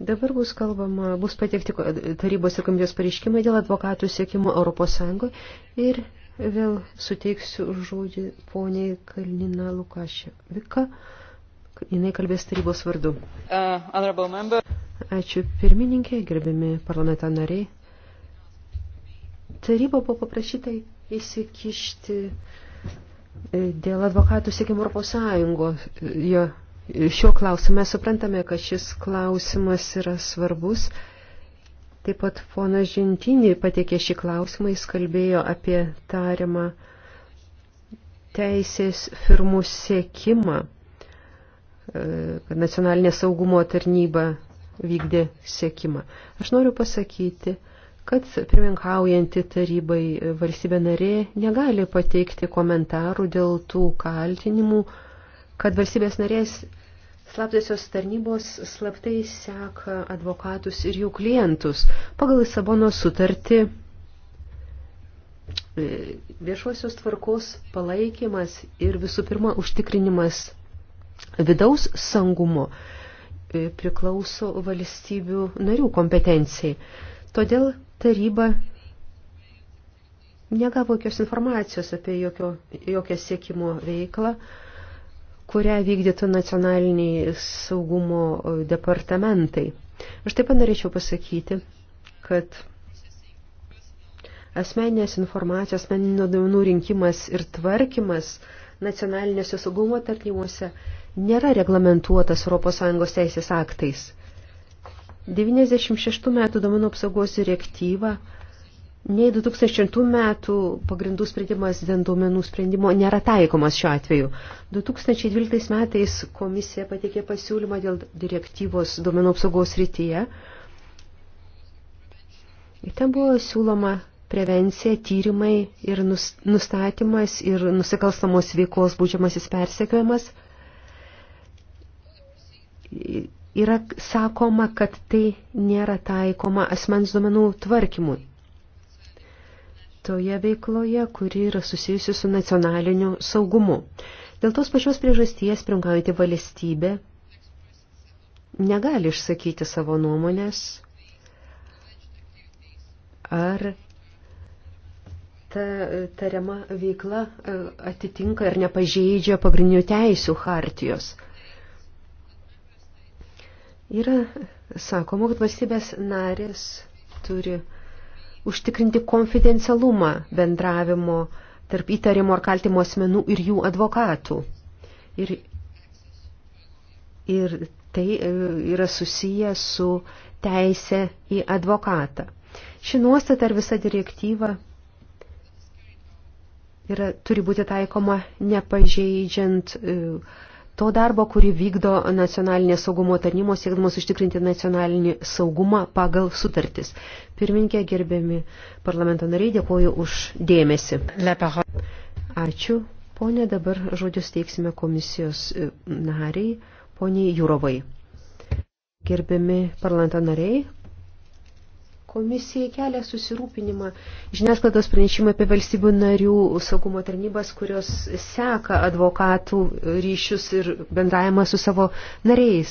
Dabar bus kalbama, bus pateikti tarybos ir komisijos pareiškimai dėl advokatų siekimo Europos Sąjungoje ir vėl suteiksiu žodį poniai Kalnina Lukašė. Vika, jinai kalbės tarybos vardu. Uh, Ačiū pirmininkė, gerbiami parlamento nariai. Taryba buvo paprašyta įsikišti e, dėl advokatų siekimo Europos Sąjungoje šio klausimo. Mes suprantame, kad šis klausimas yra svarbus. Taip pat ponas Žintinį patiekė šį klausimą, jis kalbėjo apie tariamą teisės firmų sėkimą, e, kad nacionalinė saugumo tarnyba vykdė sėkimą. Aš noriu pasakyti, kad pirminkaujanti tarybai valstybė narė negali pateikti komentarų dėl tų kaltinimų, kad valstybės narės slaptosios tarnybos slaptai seka advokatus ir jų klientus. Pagal Lisabono sutartį e, viešosios tvarkos palaikymas ir visų pirma užtikrinimas vidaus sangumo e, priklauso valstybių narių kompetencijai. Todėl taryba negavo jokios informacijos apie jokio, jokią siekimo veiklą, kurią vykdytų nacionaliniai saugumo e, departamentai. Aš taip pat norėčiau pasakyti, kad asmeninės informacijos, asmeninio duomenų rinkimas ir tvarkymas nacionalinėse saugumo tarnymuose nėra reglamentuotas ES teisės aktais. 96 metų duomenų apsaugos direktyva Nei 2000 metų pagrindų sprendimas dėl duomenų sprendimo nėra taikomas šiuo atveju. 2012 metais komisija pateikė pasiūlymą dėl direktyvos duomenų apsaugos rytyje. Ir ten buvo siūloma prevencija, tyrimai ir nustatymas ir nusikalstamos veikos būdžiamasis persekiojimas. Yra sakoma, kad tai nėra taikoma asmens duomenų tvarkymui toje veikloje, kuri yra susijusi su nacionaliniu saugumu. Dėl tos pačios priežasties prinkaujanti valstybė negali išsakyti savo nuomonės ar ta tariama veikla e, atitinka ir nepažeidžia pagrindinių teisių hartijos. Yra sakoma, kad valstybės narės turi uh, užtikrinti konfidencialumą bendravimo tarp įtarimo ar kaltimo asmenų ir jų advokatų. Ir, ir tai e, yra susiję su teisė į advokatą. Ši nuostata ar visa direktyva yra, turi būti taikoma nepažeidžiant uh, to darbo, kurį vykdo nacionalinė saugumo tarnybos, siekdamos užtikrinti nacionalinį saugumą pagal sutartis. Pirminkė, gerbiami parlamento nariai, dėkoju už dėmesį. Ačiū. Pone, dabar žodžius teiksime komisijos e, nariai, poniai Jūrovai. Gerbiami parlamento nariai, Komisijai kelia susirūpinimą žiniasklaidos pranešimai apie valstybių narių saugumo tarnybas, kurios seka advokatų ryšius ir bendravimą su savo nariais.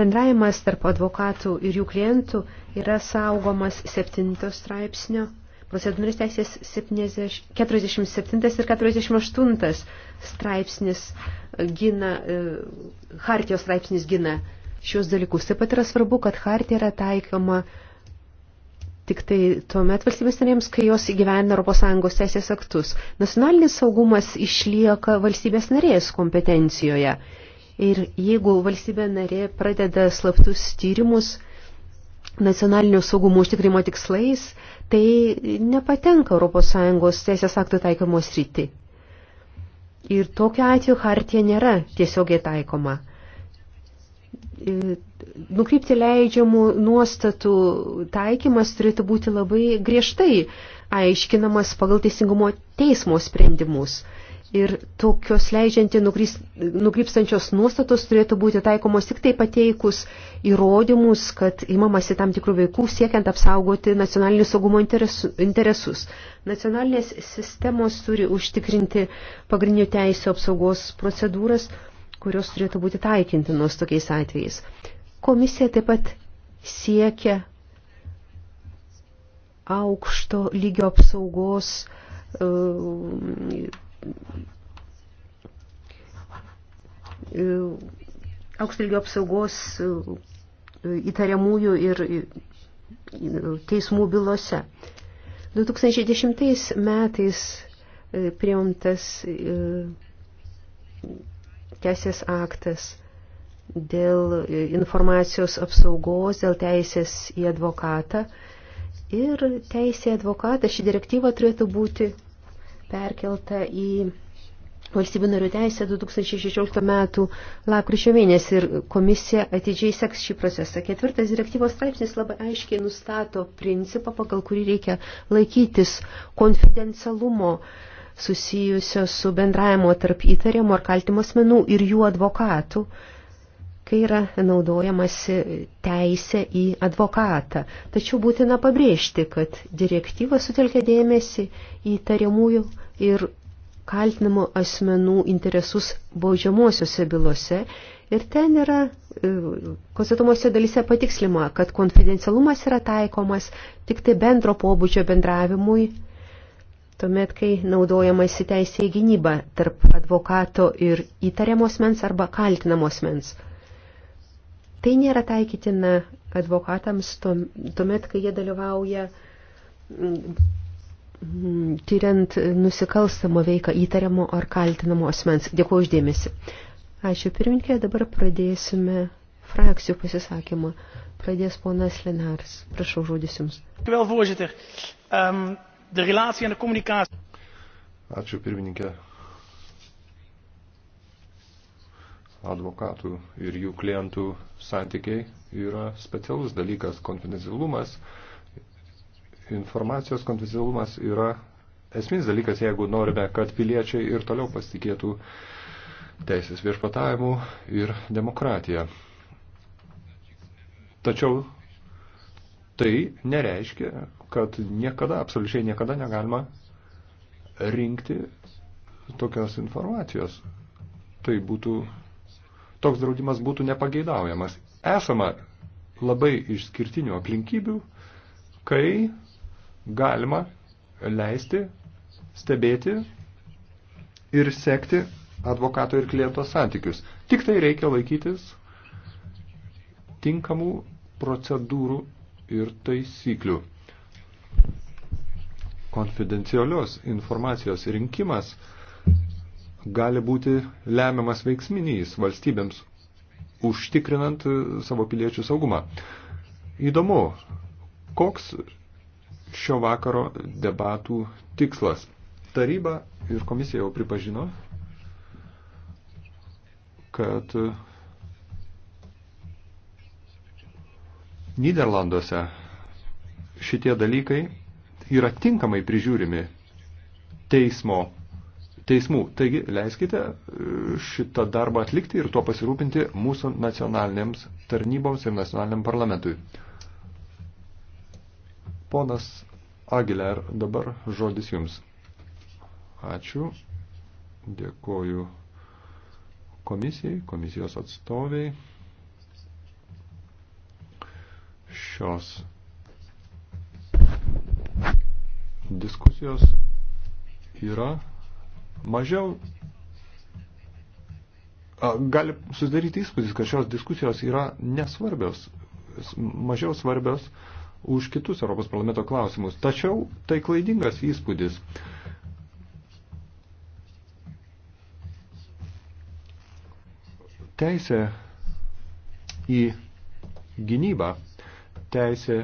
Bendravimas tarp advokatų ir jų klientų yra saugomas 7 straipsnio, procedūrinės teisės 70, 47 ir 48 straipsnis gina, e, hartijos straipsnis gina šios dalykus. Taip pat yra svarbu, kad hartija yra taikoma tik tai tuomet valstybės narėms, kai jos įgyvena ES teisės aktus. Nacionalinis saugumas išlieka valstybės narės kompetencijoje. Ir jeigu valstybė narė pradeda slaptus tyrimus nacionalinio saugumo užtikrimo tikslais, tai nepatenka ES teisės aktų taikomos rytį. Ir tokiu atveju hartija nėra tiesiogiai taikoma nukrypti leidžiamų nuostatų taikymas turėtų būti labai griežtai aiškinamas pagal teisingumo teismo sprendimus. Ir tokios leidžianti nukrypstančios nuostatos turėtų būti taikomos tik tai pateikus įrodymus, kad imamasi tam tikrų veikų siekiant apsaugoti nacionalinį saugumo interesus. Nacionalinės sistemos turi užtikrinti pagrindinių teisų apsaugos procedūras, kurios turėtų būti taikintinos tokiais atvejais. Komisija taip pat siekia aukšto lygio apsaugos e, e, aukšto lygio apsaugos e, įtariamųjų ir teismų bylose. 2010 metais priimtas teisės aktas dėl e, informacijos apsaugos, dėl teisės į advokatą. Ir teisė į advokatą ši direktyva turėtų būti perkelta į Valstybių narių teisė 2016 metų lapkričio mėnesį ir komisija atidžiai seks šį procesą. Ketvirtas direktyvos straipsnis labai aiškiai nustato principą, pagal kurį reikia laikytis konfidencialumo susijusio su bendravimo tarp įtariamų ar kaltimo asmenų ir jų advokatų. Uh, kai yra naudojamasi teisė į advokatą. Tačiau būtina pabrėžti, kad direktyva sutelkia dėmesį į tariamųjų ir kaltinamo asmenų interesus baudžiamosiuose bylose ir ten yra e, konstatuomose dalyse patikslima, kad konfidencialumas yra taikomas tik tai bendro pobūdžio bendravimui, tuomet, kai naudojamas į teisę į gynybą tarp advokato ir įtariamos mens arba kaltinamos mens. Tai nėra taikytina advokatams tuomet, kai jie dalyvauja mm, tyriant nusikalstamo veiką įtariamo ar kaltinamo asmens. Dėkuoju uždėmesi. Ačiū pirminkė, dabar pradėsime frakcijų pasisakymą. Pradės ponas Lenars. Prašau žodis jums. Ehm, Ačiū pirmininkė. advokatų ir jų klientų santykiai yra specialus dalykas. Konfidencialumas, informacijos konfidencialumas yra esminis dalykas, jeigu norime, kad piliečiai ir toliau pasitikėtų teisės viešpatavimu ir demokratija. Tačiau tai nereiškia, kad niekada, absoliučiai niekada negalima rinkti tokios informacijos. Tai būtų toks draudimas būtų nepageidaujamas. Esama labai išskirtinių aplinkybių, kai galima leisti stebėti ir sekti advokato ir kliento santykius. Tik tai reikia laikytis tinkamų procedūrų ir taisyklių. Konfidencialios informacijos rinkimas gali būti lemiamas veiksminys valstybėms, užtikrinant e, savo piliečių saugumą. Įdomu, koks šio vakaro debatų tikslas. Taryba ir komisija jau pripažino, kad e, Niderlanduose šitie dalykai yra tinkamai prižiūrimi teismo teismų. Taigi leiskite e, šitą darbą atlikti ir tuo pasirūpinti mūsų nacionalinėms tarnyboms ir nacionaliniam parlamentui. Ponas Agiler, dabar žodis jums. Ačiū. Dėkoju komisijai, komisijos atstoviai. Šios diskusijos yra mažiau gali susidaryti įspūdis, kad šios diskusijos yra nesvarbios, mažiau svarbios už kitus Europos parlamento klausimus. Tačiau tai klaidingas įspūdis. Teisė į gynybą, teisė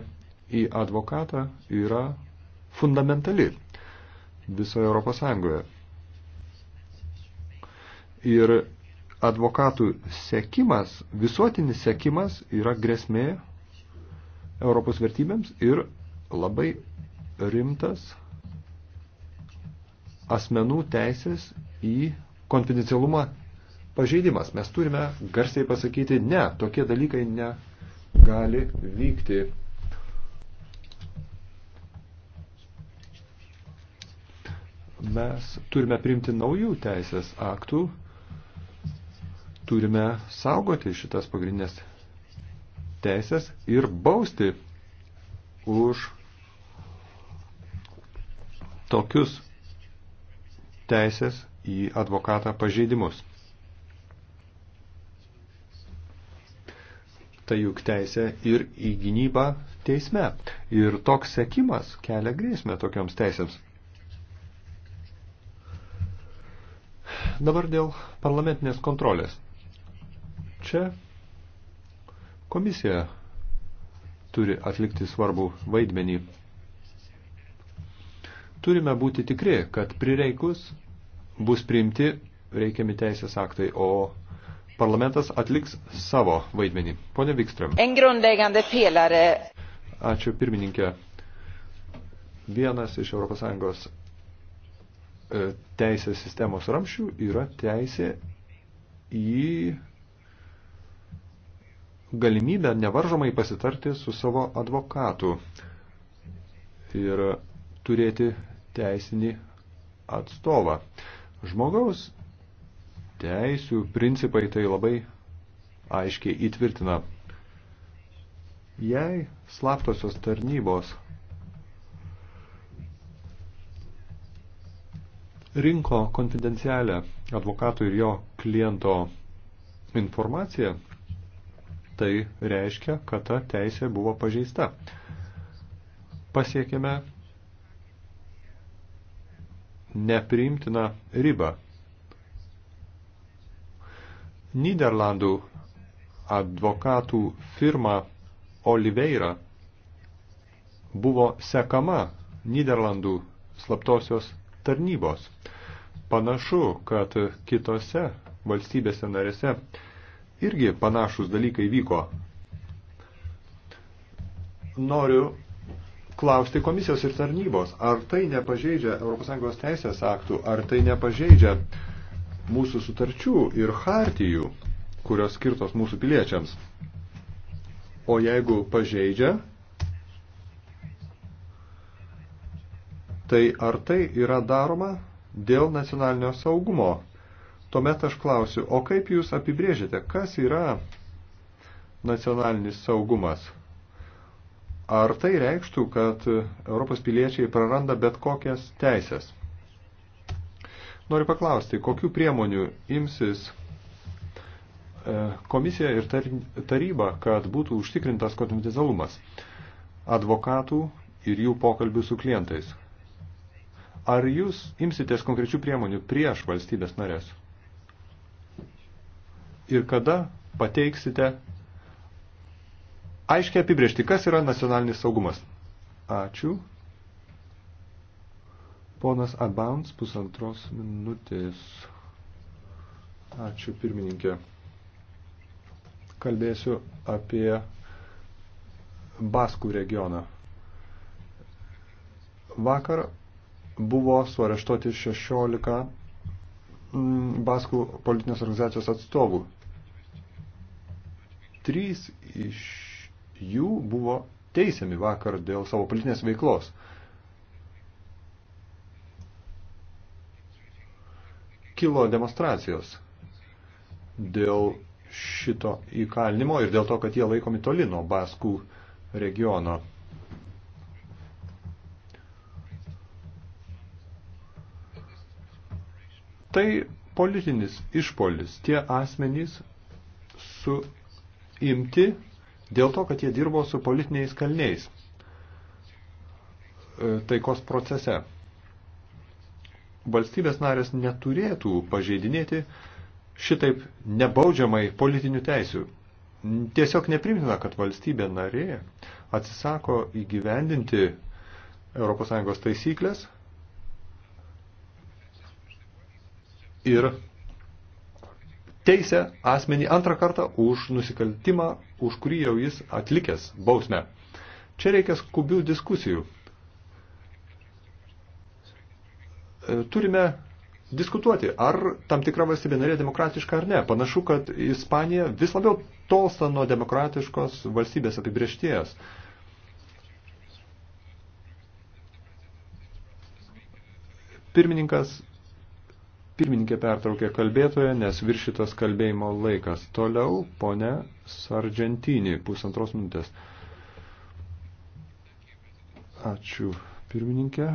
į advokatą yra fundamentali visoje Europos Sąjungoje. Ir advokatų sekimas, visuotinis sekimas yra grėsmė Europos vertybėms ir labai rimtas asmenų teisės į konfidencialumą pažeidimas. Mes turime garsiai pasakyti, ne, tokie dalykai negali vykti. Mes turime priimti naujų teisės aktų, turime saugoti šitas pagrindinės teisės ir bausti už tokius teisės į advokatą pažeidimus. Tai juk teisė ir į gynybą teisme. Ir toks sekimas kelia grėsmę tokioms teisėms. Dabar dėl parlamentinės kontrolės. Čia komisija turi atlikti svarbų vaidmenį. Turime būti tikri, kad prireikus bus priimti reikiami teisės aktai, o parlamentas atliks savo vaidmenį. Pone Vikström. Ačiū pirmininkė. Vienas iš ES e, teisės sistemos ramščių yra teisė į galimybę nevaržomai pasitarti su savo advokatu ir turėti teisinį atstovą. Žmogaus teisių principai tai labai aiškiai įtvirtina. Jei slaptosios tarnybos rinko konfidencialę advokato ir jo kliento informaciją, tai reiškia, kad ta teisė buvo pažeista. Pasiekėme nepriimtiną ribą. Niderlandų advokatų firma Oliveira buvo sekama Niderlandų slaptosios tarnybos. Panašu, kad kitose valstybėse narėse irgi panašus dalykai vyko. Noriu klausti komisijos ir tarnybos, ar tai nepažeidžia ES teisės aktų, ar tai nepažeidžia mūsų sutarčių ir hartijų, kurios skirtos mūsų piliečiams. O jeigu pažeidžia, tai ar tai yra daroma dėl nacionalinio saugumo Tuomet aš klausiu, o kaip jūs apibrėžite, kas yra nacionalinis saugumas? Ar tai reikštų, kad Europos piliečiai praranda bet kokias teisės? Noriu paklausti, kokiu priemonių imsis e, komisija ir taryba, kad būtų užtikrintas konfidencialumas advokatų ir jų pokalbių su klientais. Ar jūs imsitės konkrečių priemonių prieš valstybės narės? ir kada pateiksite aiškiai apibriežti, kas yra nacionalinis saugumas. Ačiū. Ponas Abans, pusantros minutės. Ačiū pirmininkė. Kalbėsiu apie Baskų regioną. Vakar buvo suareštuoti 16 mm, Baskų politinės organizacijos atstovų. Trys iš jų buvo teisiami vakar dėl savo politinės veiklos. Kilo demonstracijos dėl šito įkalinimo ir dėl to, kad jie laikomi toli nuo Baskų regiono. Tai politinis išpolis. Tie asmenys su imti dėl to, kad jie dirbo su politiniais kalniais e, taikos procese. Valstybės narės neturėtų pažeidinėti šitaip nebaudžiamai politinių teisių. Tiesiog neprimtina, kad valstybė narė atsisako įgyvendinti ES taisyklės ir teisė asmenį antrą kartą už nusikaltimą, už kurį jau jis atlikęs bausmę. Čia reikia skubių diskusijų. E, turime diskutuoti, ar tam tikra valstybė narė demokratiška ar ne. Panašu, kad Ispanija vis labiau tolsta nuo demokratiškos valstybės apibriešties. Pirmininkas Pirmininkė pertraukė kalbėtoje, nes viršytas kalbėjimo laikas. Toliau ponė Sargentinį, pusantros minutės. Ačiū, pirmininkė.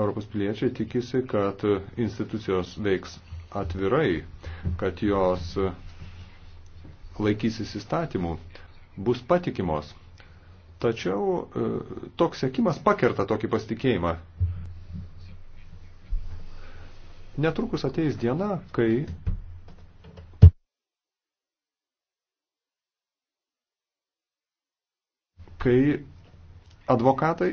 Europos piliečiai tikisi, kad institucijos veiks atvirai, kad jos laikysis įstatymų, bus patikimos. Tačiau e, toks sėkimas pakerta tokį pasitikėjimą. Netrukus ateis diena, kai kai advokatai,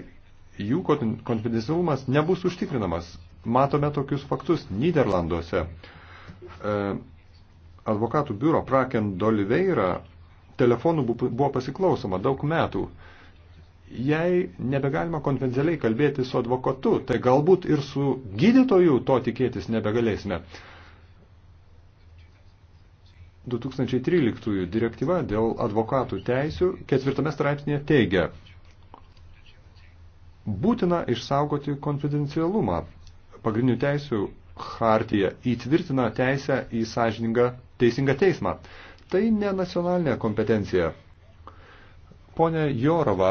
jų konfidencialumas nebus užtikrinamas. Matome tokius faktus Niderlanduose. E, advokatų biuro Praken Doliveira telefonų buvo pasiklausoma daug metų jei nebegalima konvencialiai kalbėti su advokatu, tai galbūt ir su gydytoju to tikėtis nebegalėsime. 2013 direktyva dėl advokatų teisių ketvirtame straipsnėje teigia, būtina išsaugoti konfidencialumą. Pagrindinių teisių hartija įtvirtina teisę į sąžiningą teisingą teismą. Tai ne nacionalinė kompetencija. Pone Jorova,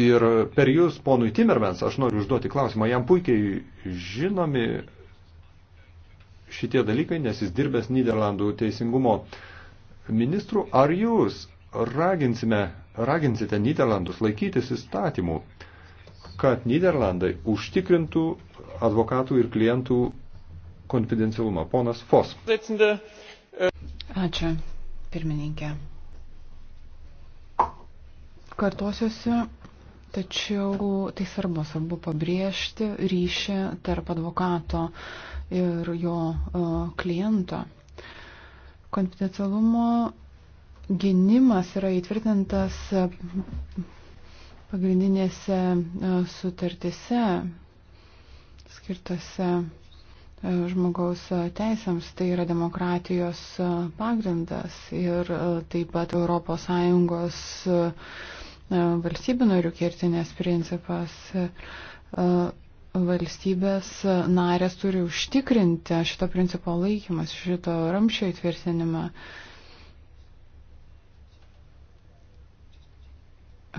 Ir per jūs, ponui Timmermans, aš noriu užduoti klausimą, jam puikiai žinomi šitie dalykai, nes jis dirbęs Niderlandų teisingumo ministrų. Ar jūs raginsime, raginsite Niderlandus laikytis įstatymų, kad Niderlandai užtikrintų advokatų ir klientų konfidencialumą? Ponas Fos. Ačiū, pirmininkė. Kartosiuosi Tačiau tai svarbu, svarbu pabrėžti ryšį tarp advokato ir jo e, kliento. Konfidencialumo gynimas yra įtvirtintas e, pagrindinėse e, sutartise skirtose žmogaus teisėms. Tai yra demokratijos pagrindas ir taip pat ES E, valstybių narių kertinės principas. E, e, valstybės narės turi užtikrinti šito principo laikymas, šito ramščio įtvirtinimą.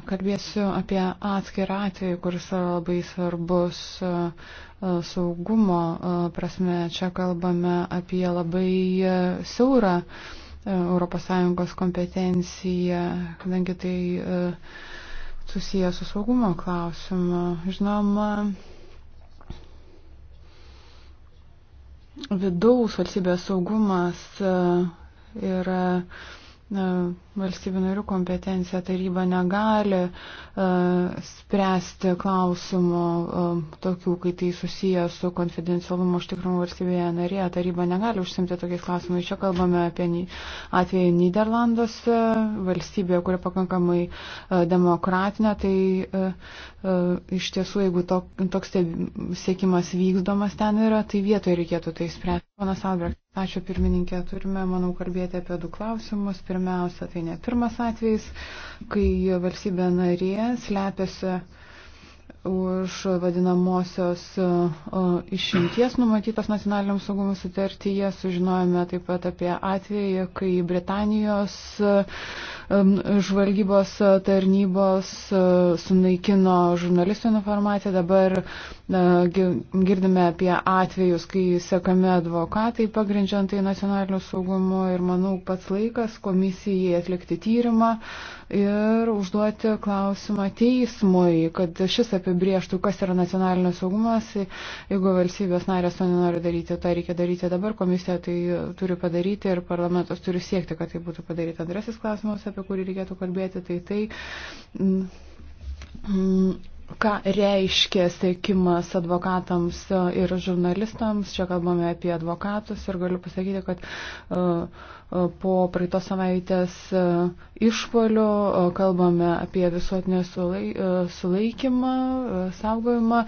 Kalbėsiu apie atskirą atvejį, kuris yra labai svarbus saugumo prasme. Čia kalbame apie labai siaurą ES kompetencija, kadangi tai e, susijęs su saugumo klausimu. Žinoma, vidaus valstybės saugumas e, yra valstybių narių kompetencija taryba negali uh, spręsti klausimų uh, e, tokių, kai tai susiję su konfidencialumo užtikrimu valstybėje narėje. Taryba negali užsimti tokiais klausimais. Čia kalbame apie atvejį Niderlanduose, valstybė, kuri pakankamai uh, demokratinė. Tai uh, uh, iš tiesų, jeigu to, toks sėkimas vykdomas ten yra, tai vietoje reikėtų tai spręsti. Ponas Albrecht, ačiū pirmininkė. Turime, manau, kalbėti apie du klausimus. Pirmiausia, tai ne pirmas atvejis, kai valstybė narė slepiasi už vadinamosios e, e, išimties numatytos nacionaliniam saugumui sutartyje. Sužinojome taip pat apie atvejį, kai Britanijos e, žvalgybos tarnybos sunaikino žurnalistų informaciją. Dabar girdime apie atvejus, kai sekami advokatai pagrindžiantai nacionaliniu saugumu ir manau pats laikas komisijai atlikti tyrimą ir užduoti klausimą teismui, kad šis apibrieštų, kas yra nacionalinio saugumas. Jeigu valstybės narės to nenori daryti, tą reikia daryti dabar, komisija tai turi padaryti ir parlamentas turi siekti, kad tai būtų padaryta. Antrasis klausimas, apie kurį reikėtų kalbėti, tai tai. Mm, mm ką reiškia sėkimas advokatams ir žurnalistams. Čia kalbame apie advokatus ir galiu pasakyti, kad e, e, po praeitos savaitės e, išpolio kalbame apie visuotinę sulaikymą, saugojimą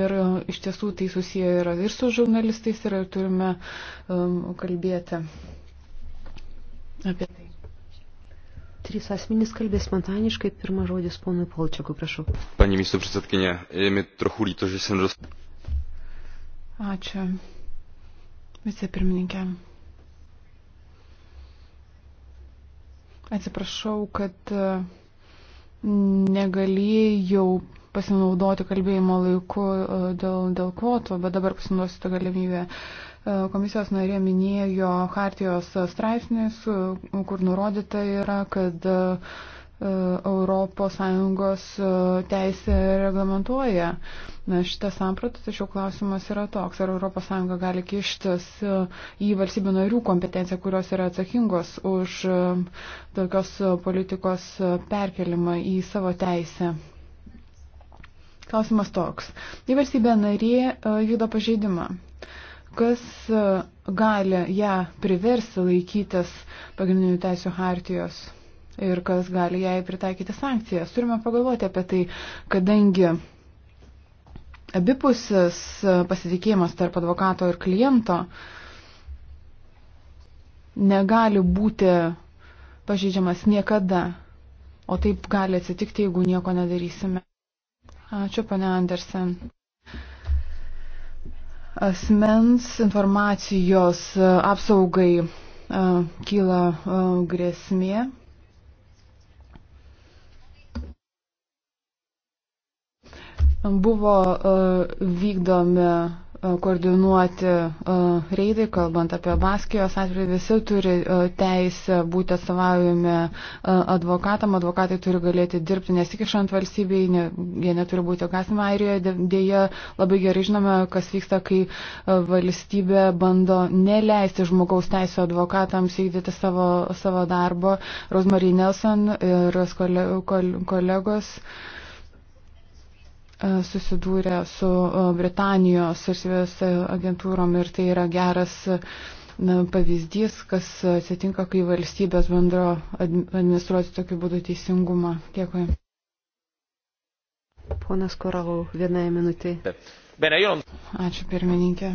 ir iš tiesų tai susiję yra ir su žurnalistais ir turime kalbėti apie tai. Trys asmenys kalbės spontaniškai. Pirmas žodis ponui Polčiakui, prašau. Pani misto prisatkinė, ėmė trochu lyto, že sem dost... Ačiū. Vice pirmininkė. Atsiprašau, kad e, negalėjau pasinaudoti kalbėjimo laiku e, dėl, dėl kvotų, bet dabar pasinaudosiu tą galimybę. Komisijos narė minėjo Hartijos straipsnis, kur nurodyta yra, kad ES e, teisė reglamentuoja na, šitą sampratą, tačiau klausimas yra toks, ar ES gali kištis e, į valstybių narių kompetenciją, kurios yra atsakingos už e, tokios politikos perkelimą į savo teisę. Klausimas toks. Į valstybę narė vykdo pažeidimą. Uh, kas e, gali ją priversti laikytis pagrindinių teisų hartijos ir kas gali jai pritaikyti sankcijas. Turime pagalvoti apie tai, kadangi abipusis e, pasitikėjimas tarp advokato ir kliento negali būti pažeidžiamas niekada, o taip gali atsitikti, jeigu nieko nedarysime. Ačiū, pane Andersen asmens informacijos e, apsaugai e, kyla e, grėsmė. Buvo vykdomi E, koordinuoti e, reidai, kalbant apie Baskijos atveju, visi turi e, teisę būti atstovaujami advokatam, advokatai turi galėti dirbti nesikišant valstybei, ne, jie neturi būti kasima Airijoje, dėja labai gerai žinome, kas vyksta, kai valstybė bando neleisti žmogaus teisų advokatams vykdyti savo, savo darbo. Rosemary Nelson ir kole, kol, kolegos. Uh, E, susidūrė su e, Britanijos išvės agentūrom ir tai yra geras e, na, pavyzdys, kas atsitinka, kai valstybės bendro administruoti tokiu būdu teisingumą. Dėkui. Ponas Koralau, vienai minutį. Ačiū pirmininkė.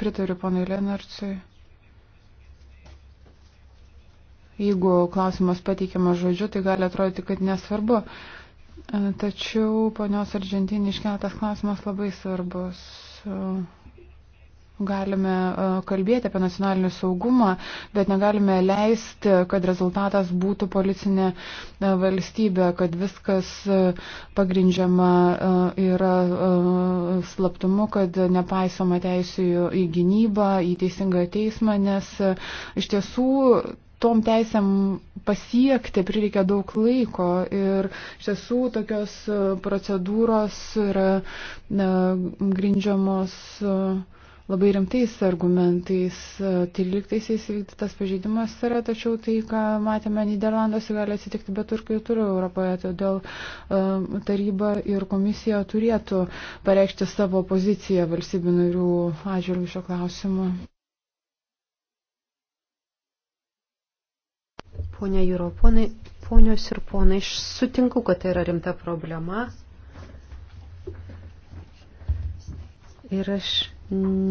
Pritariu ponui Lenarčiui. Jeigu klausimas pateikiamas žodžiu, tai gali atrodyti, kad nesvarbu. E, tačiau ponios Argentinį iškeltas klausimas labai svarbus. E, galime e, kalbėti apie nacionalinį saugumą, bet negalime leisti, kad rezultatas būtų policinė valstybė, kad viskas pagrindžiama yra slaptumu, kad nepaisoma teisų į gynybą, į teisingą teismą, nes iš tiesų tom teisėm pasiekti prireikia daug laiko ir iš tiesų tokios e, procedūros yra na, grindžiamos e, labai rimtais argumentais. 13-aisiais e, įvykdytas pažeidimas yra, tačiau tai, ką matėme Niderlanduose, gali atsitikti bet ir kitur Europoje. Todėl taryba ir komisija turėtų pareikšti savo poziciją valstybių narių atžvilgių šio klausimu. Pone Jūro, ponai, ponios ir ponai, aš sutinku, kad tai yra rimta problema. Ir aš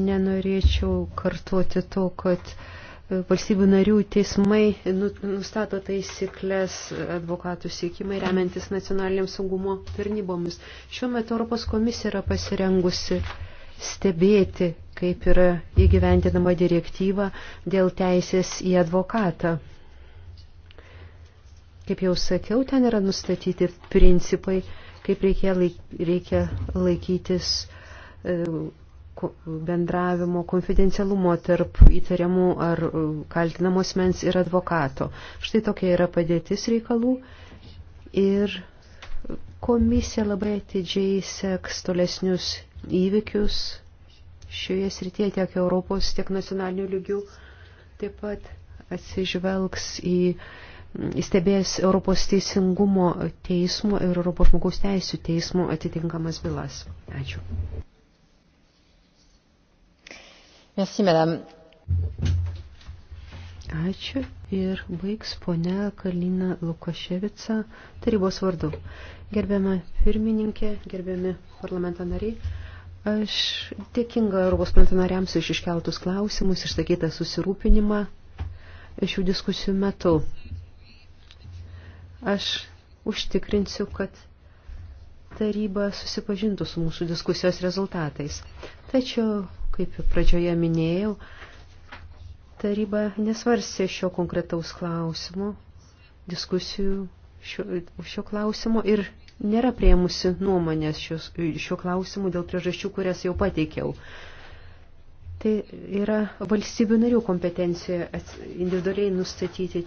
nenorėčiau kartuoti to, kad e, valstybių narių teismai nu, nustato taisyklės advokatų siekimai remiantis nacionaliniam saugumo tarnybomis. Šiuo metu Europos komisija yra pasirengusi stebėti, kaip yra įgyventinama direktyva dėl teisės į advokatą. Kaip jau sakiau, ten yra nustatyti principai, kaip reikia, laik, reikia laikytis e, bendravimo konfidencialumo tarp įtariamų ar e, kaltinamos mens ir advokato. Štai tokia yra padėtis reikalų ir komisija labai atidžiai seks tolesnius įvykius šioje srityje tiek Europos, tiek nacionalinių lygių. Taip pat atsižvelgs į uh, stebės Europos teisingumo teismo ir Europos žmogaus teisų teismo atitinkamas bylas. Ačiū. Merci, madame. Ačiū ir baigs ponia Kalina Lukaševica tarybos vardu. Gerbiama pirmininkė, gerbiami parlamento nariai, aš dėkinga Europos parlamento nariams iš iškeltus klausimus, išsakytą susirūpinimą šių diskusijų metu. Aš užtikrinsiu, kad taryba susipažintų su mūsų diskusijos rezultatais. Tačiau, kaip pradžioje minėjau, taryba nesvarsė šio konkretaus klausimo, diskusijų šio, šio klausimo ir nėra prieimusi nuomonės šios, šio klausimu dėl priežasčių, kurias jau pateikiau. Tai yra valstybių narių kompetencija individualiai nustatyti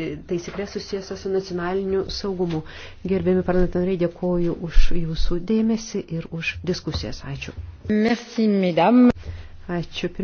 e, taisyklės susijęs su nacionaliniu saugumu. Gerbėmi parlamentarai, dėkoju už jūsų dėmesį ir už diskusijas. Ačiū. Merci, mesdames. Ačiū.